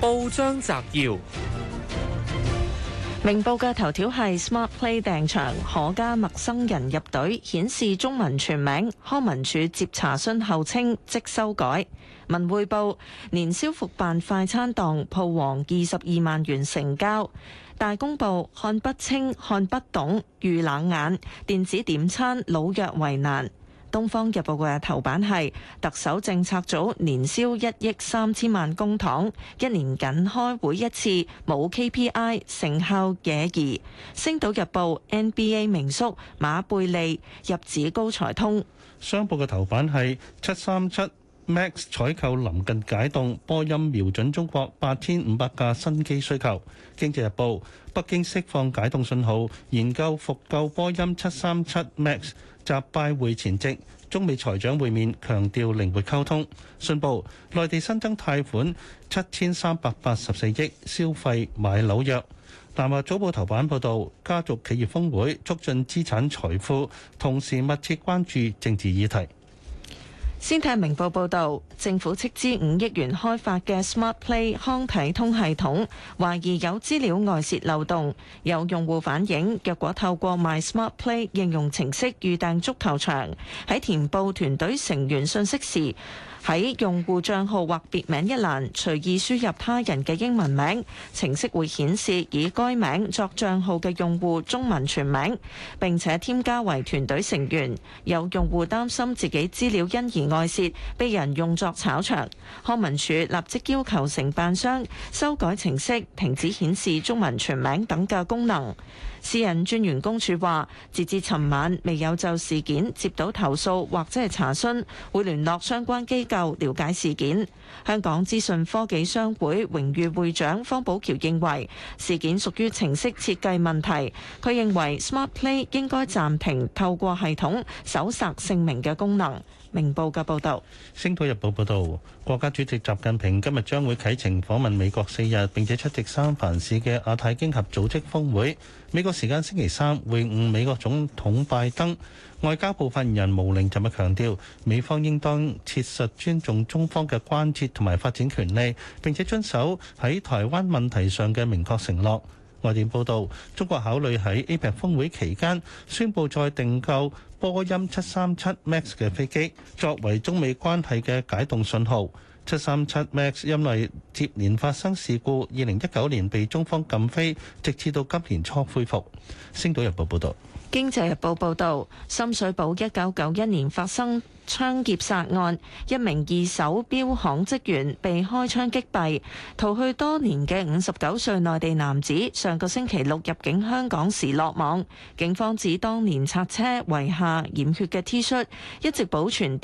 報章摘要：明報嘅頭條係 Smart Play 訂場可加陌生人入隊，顯示中文全名。康文署接查詢後稱即修改。文匯報年宵復辦快餐檔鋪王二十二萬元成交。大公報看不清看不懂遇冷眼，電子點餐老弱為難。東方日報嘅頭版係特首政策組年燒一億三千萬公帑，一年僅開會一次，冇 KPI，成效惹疑。星島日報 NBA 名宿馬貝利入紙高才通。商報嘅頭版係七三七 Max 採購臨近解凍，波音瞄準中國八千五百架新機需求。經濟日報北京釋放解凍信號，研究復購波音七三七 Max。集拜會前夕，中美財長會面，強調靈活溝通。信報：內地新增貸款七千三百八十四億，消費買樓弱。南華早報頭版報導，家族企業峰會促進資產財富，同時密切關注政治議題。先睇明報報導，政府斥資五億元開發嘅 SmartPlay 康體通系統，懷疑有資料外泄漏洞。有用戶反映，若果透過賣 SmartPlay 應用程式預訂足球場，喺填報團隊成員信息時，喺用戶賬號或別名一欄隨意輸入他人嘅英文名，程式會顯示以該名作賬號嘅用戶中文全名，並且添加為團隊成員。有用戶擔心自己資料因而外泄，被人用作炒場。康文署立即要求承辦商修改程式，停止顯示中文全名等嘅功能。私隱專員公署話：截至尋晚，未有就事件接到投訴或者係查詢，會聯絡相關機構了解事件。香港資訊科技商會榮譽會長方保僑認為事件屬於程式設計問題，佢認為 Smart Play 應該暫停透過系統搜查姓名嘅功能。明報嘅報道，《星島日報》報導，國家主席習近平今日將會啟程訪問美國四日，並且出席三藩市嘅亞太經合組織峰會。美國時間星期三會晤美國總統拜登。外交部發言人毛寧尋日強調，美方應當切實尊重中方嘅關切同埋發展權利，並且遵守喺台灣問題上嘅明確承諾。外電報導，中國考慮喺 APEC 峰會期間宣布再訂購。波音七三七 MAX 嘅飛機作為中美關係嘅解凍信號。七三七 MAX 因為接連發生事故，二零一九年被中方禁飛，直至到今年初恢復。星島日報報道。經濟日報報道，深水埗一九九一年發生槍劫殺案，一名二手標行職員被開槍擊斃，逃去多年嘅五十九歲內地男子，上個星期六入境香港時落網。警方指當年拆車遺下染血嘅 T 恤，一直保存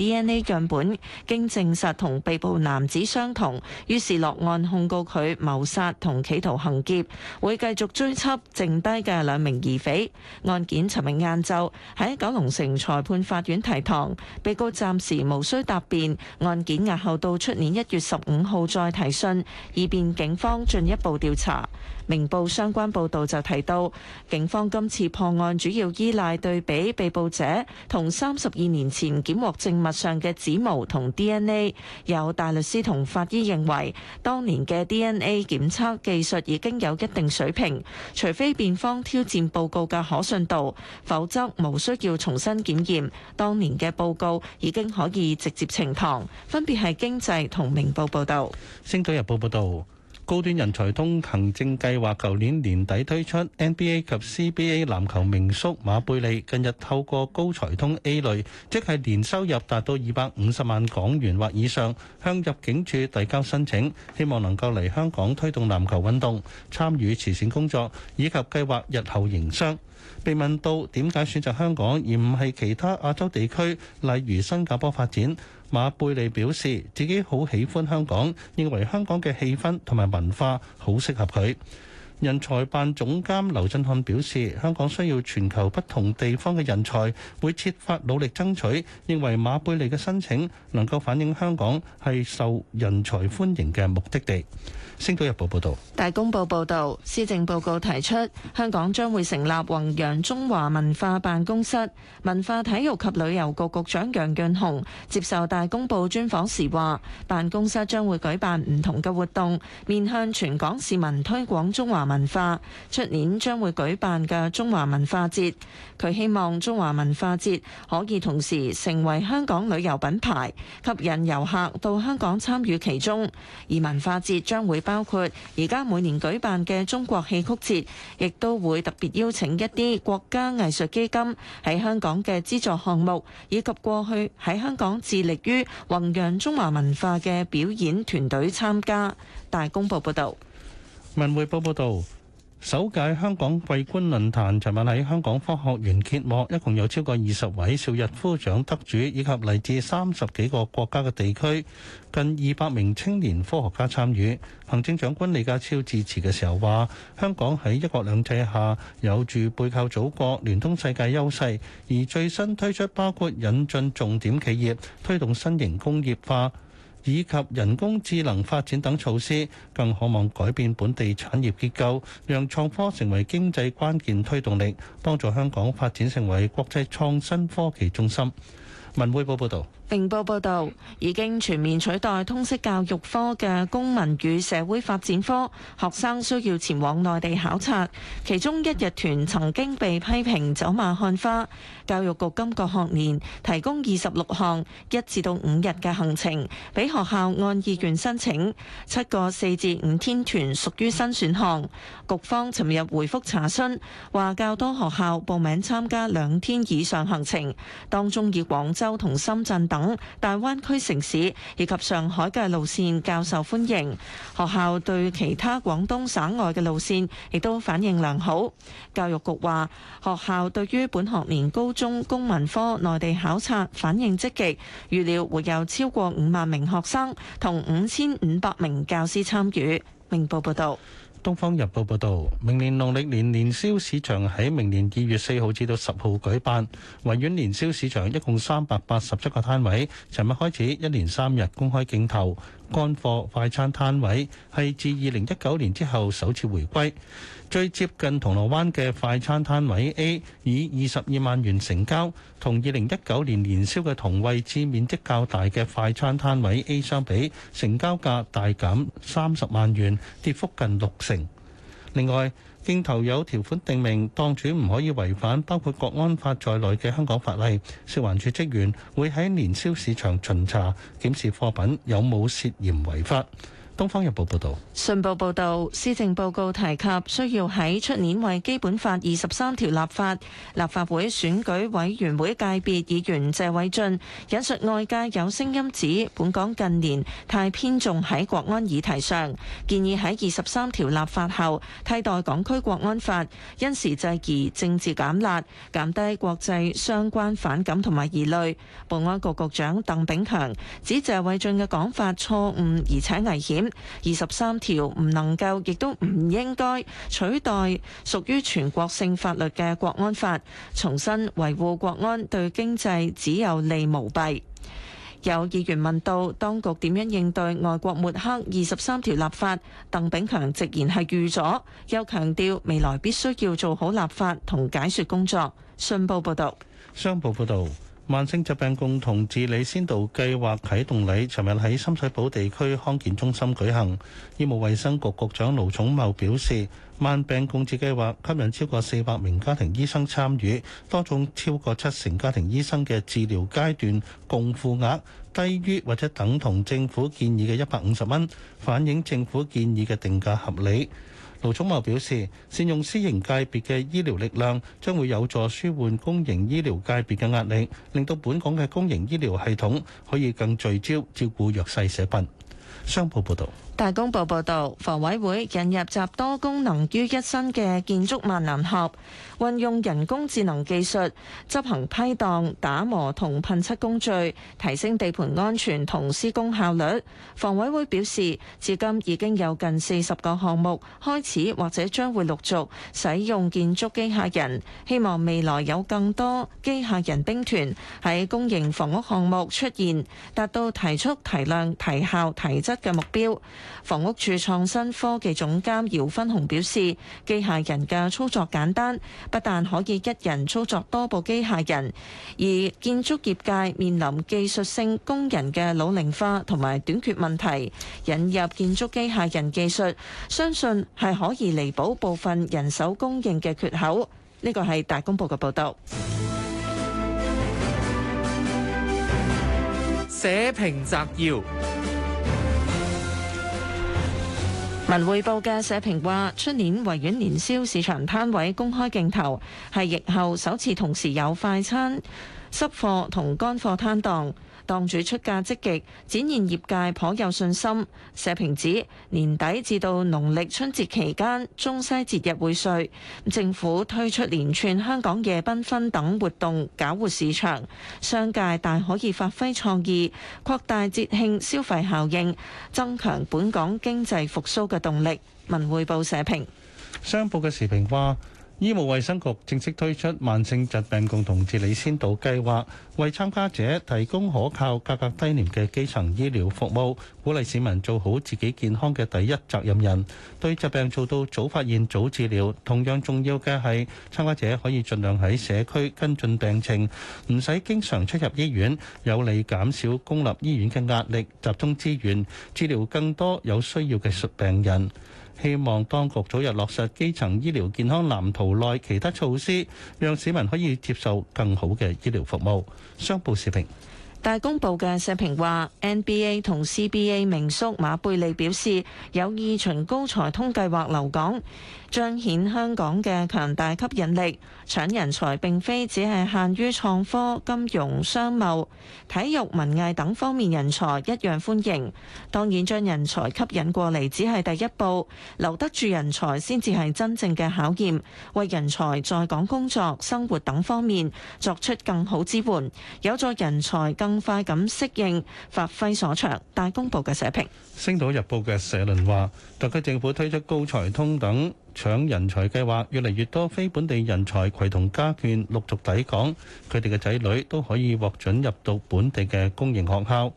暫時無需答辯，案件押後到出年一月十五號再提訊，以便警方進一步調查。明報相關報導就提到，警方今次破案主要依賴對比被捕者同三十二年前檢獲證物上嘅指模同 DNA。有大律師同法醫認為，當年嘅 DNA 檢測技術已經有一定水平，除非辯方挑戰報告嘅可信度，否則無需要重新檢驗，當年嘅報告已經可以直接呈堂。分別係經濟同明報報導。《星島日報》報導。高端人才通行證計劃，舊年年底推出 NBA 及 CBA 籃球名宿馬貝利，近日透過高才通 A 類，即係年收入達到二百五十萬港元或以上，向入境處遞交申請，希望能夠嚟香港推動籃球運動、參與慈善工作以及計劃日後營商。被問到點解選擇香港而唔係其他亞洲地區，例如新加坡發展？馬貝利表示自己好喜歡香港，認為香港嘅氣氛同埋文化好適合佢。人才辦總監劉振漢表示，香港需要全球不同地方嘅人才，會設法努力爭取。認為馬貝利嘅申請能夠反映香港係受人才歡迎嘅目的地。星島日報報道，大公報報道，施政報告提出，香港將會成立弘揚中華文化辦公室。文化體育及旅遊局局長楊潤雄接受大公報專訪時話，辦公室將會舉辦唔同嘅活動，面向全港市民推廣中華文化出年將會舉辦嘅中華文化節，佢希望中華文化節可以同時成為香港旅遊品牌，吸引遊客到香港參與其中。而文化節將會包括而家每年舉辦嘅中國戲曲節，亦都會特別邀請一啲國家藝術基金喺香港嘅資助項目，以及過去喺香港致力於弘揚中華文化嘅表演團隊參加。大公報報道。文匯報報道，首屆香港桂冠論壇尋晚喺香港科學園揭幕，一共有超過二十位邵逸夫獎得主以及嚟自三十幾個國家嘅地區近二百名青年科學家參與。行政長官李家超致辭嘅時候話，香港喺一國兩制下，有住背靠祖國、聯通世界優勢，而最新推出包括引進重點企業、推動新型工業化。以及人工智能發展等措施，更渴望改變本地產業結構，讓創科成為經濟關鍵推動力，幫助香港發展成為國際創新科技中心。文匯報報道。明報報道，已經全面取代通識教育科嘅公民與社會發展科，學生需要前往內地考察。其中一日團曾經被批評走馬看花。教育局今個學年提供二十六項一至到五日嘅行程，俾學校按意願申請。七個四至五天團屬於新選項。局方尋日回覆查詢，話較多學校報名參加兩天以上行程，當中以廣州同深圳大。等大灣區城市以及上海嘅路線較受歡迎，學校對其他廣東省外嘅路線亦都反應良好。教育局話，學校對於本學年高中公民科內地考察反應積極，預料會有超過五萬名學生同五千五百名教師參與。明報報道。東方日報報道,明年農曆年年宵市場喺明年2月4號至到10號舉辦,維園年宵市場一共387個攤位，尋日開始一連三日公開競投。乾貨快餐攤位係自2019年之後首次回歸。最接近銅鑼灣嘅快餐攤位 A 以22萬元成交,同2019年年宵嘅同位置、面積較大嘅快餐攤位 A 相比,成交價大減30萬元,跌幅近六成。另外，鏡頭有條款定明，檔主唔可以違反包括國安法在內嘅香港法例。食環署職員會喺年宵市場巡查，檢視貨品有冇涉嫌違法。《東方日報》報道，信報報道，施政報告提及需要喺出年為基本法二十三條立法，立法會選舉委員會界別議員謝偉俊引述外界有聲音指，本港近年太偏重喺國安議題上，建議喺二十三條立法後替代港區國安法，因時制宜，政治減壓，減低國際相關反感同埋疑慮。保安局局長鄧炳強指謝偉俊嘅講法錯誤，而且危險。二十三條唔能夠，亦都唔應該取代屬於全國性法律嘅國安法，重申維護國安對經濟只有利無弊。有議員問到當局點樣應對外國抹黑二十三條立法，鄧炳強直言係預咗，又強調未來必須要做好立法同解說工作。信報報道，商報報道。慢性疾病共同治理先導計劃啟動禮尋日喺深水埗地區康健中心舉行。醫務衛生局局長盧寵茂表示，慢病共治計劃吸引超過四百名家庭醫生參與，多種超過七成家庭醫生嘅治療階段共付額低於或者等同政府建議嘅一百五十蚊，反映政府建議嘅定價合理。盧寵茂表示，善用私營界別嘅醫療力量，將會有助舒緩公營醫療界別嘅壓力，令到本港嘅公營醫療系統可以更聚焦照顧弱勢社羣。商報報導。大公報報導，房委會引入集多功能於一身嘅建築萬能俠，運用人工智能技術執行批盪、打磨同噴漆工序，提升地盤安全同施工效率。房委會表示，至今已經有近四十個項目開始或者將會陸續使用建築機械人，希望未來有更多機械人兵團喺公營房屋項目出現，達到提速、提量、提效、提質嘅目標。房屋署創新科技總監姚分紅表示，機械人嘅操作簡單，不但可以一人操作多部機械人，而建築業界面臨技術性工人嘅老齡化同埋短缺問題，引入建築機械人技術，相信係可以彌補部分人手供應嘅缺口。呢個係大公報嘅報導。社評摘要。文匯報嘅社評話，出年維園年宵市場攤位公開競投，係疫後首次同時有快餐、濕貨同乾貨攤檔。檔主出價積極，展現業界頗有信心。社評指年底至到農曆春節期間，中西節日匯聚，政府推出連串香港夜繽紛等活動，搞活市場。商界大可以發揮創意，擴大節慶消費效應，增強本港經濟復甦嘅動力。文匯報社評，商報嘅時評話，醫務衛生局正式推出慢性疾病共同治理先導計劃，為參加者提供可靠、價格低廉嘅基層醫療服務，鼓勵市民做好自己健康嘅第一責任人，對疾病做到早發現、早治療。同樣重要嘅係，參加者可以盡量喺社區跟進病情，唔使經常出入醫院，有利減少公立醫院嘅壓力，集中資源治療更多有需要嘅病病人。希望當局早日落實基層醫療健康藍圖內其他措施，讓市民可以接受更好嘅醫療服務。商報視頻。大公報嘅社評話：NBA 同 CBA 名宿馬貝利表示，有意循高才通計劃留港，彰顯香港嘅強大吸引力。搶人才並非只係限於創科、金融、商貿、體育、文藝等方面人才一樣歡迎。當然，將人才吸引過嚟只係第一步，留得住人才先至係真正嘅考驗。為人才在港工作、生活等方面作出更好支援，有助人才，更快咁適應、發揮所長。大公報嘅社評。《星島日報》嘅社論話：特區政府推出高才通等搶人才計劃，越嚟越多非本地人才攜同家眷陸續抵港，佢哋嘅仔女都可以獲准入到本地嘅公營學校。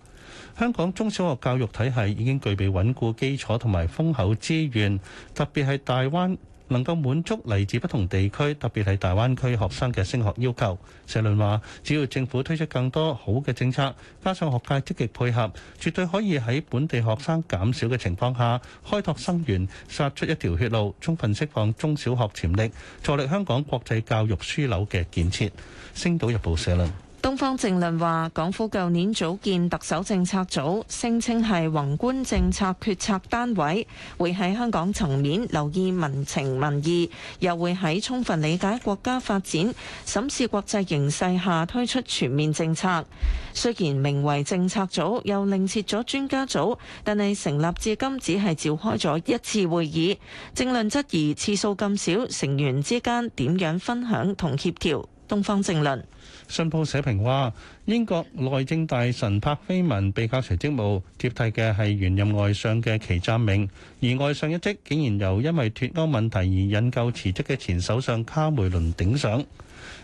香港中小學教育體系已經具備穩固基礎同埋豐厚資源，特別係大灣。能夠滿足嚟自不同地區，特別係大灣區學生嘅升學要求。社論話：只要政府推出更多好嘅政策，加上學界積極配合，絕對可以喺本地學生減少嘅情況下，開拓生源，殺出一條血路，充分釋放中小學潛力，助力香港國際教育樞紐嘅建設。星島日報社論。東方正論話，港府舊年組建特首政策組，聲稱係宏觀政策決策單位，會喺香港層面留意民情民意，又會喺充分理解國家發展、審視國際形勢下推出全面政策。雖然名為政策組，又另設咗專家組，但係成立至今只係召開咗一次會議。正論質疑次數咁少，成員之間點樣分享同協調？東方正論。信報社評話，英國內政大臣帕菲文被解除職務，接替嘅係原任外相嘅祁湛明，而外相一職竟然由因為脱歐問題而引咎辭職嘅前首相卡梅倫頂上。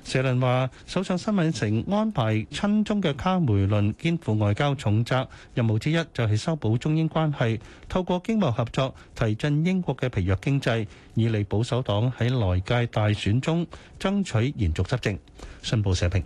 社論話，首相辛偉誠安排親中嘅卡梅倫肩負外交重責，任務之一就係修補中英關係，透過經貿合作提振英國嘅疲弱經濟，以利保守黨喺來屆大選中爭取延續執政。信報社評。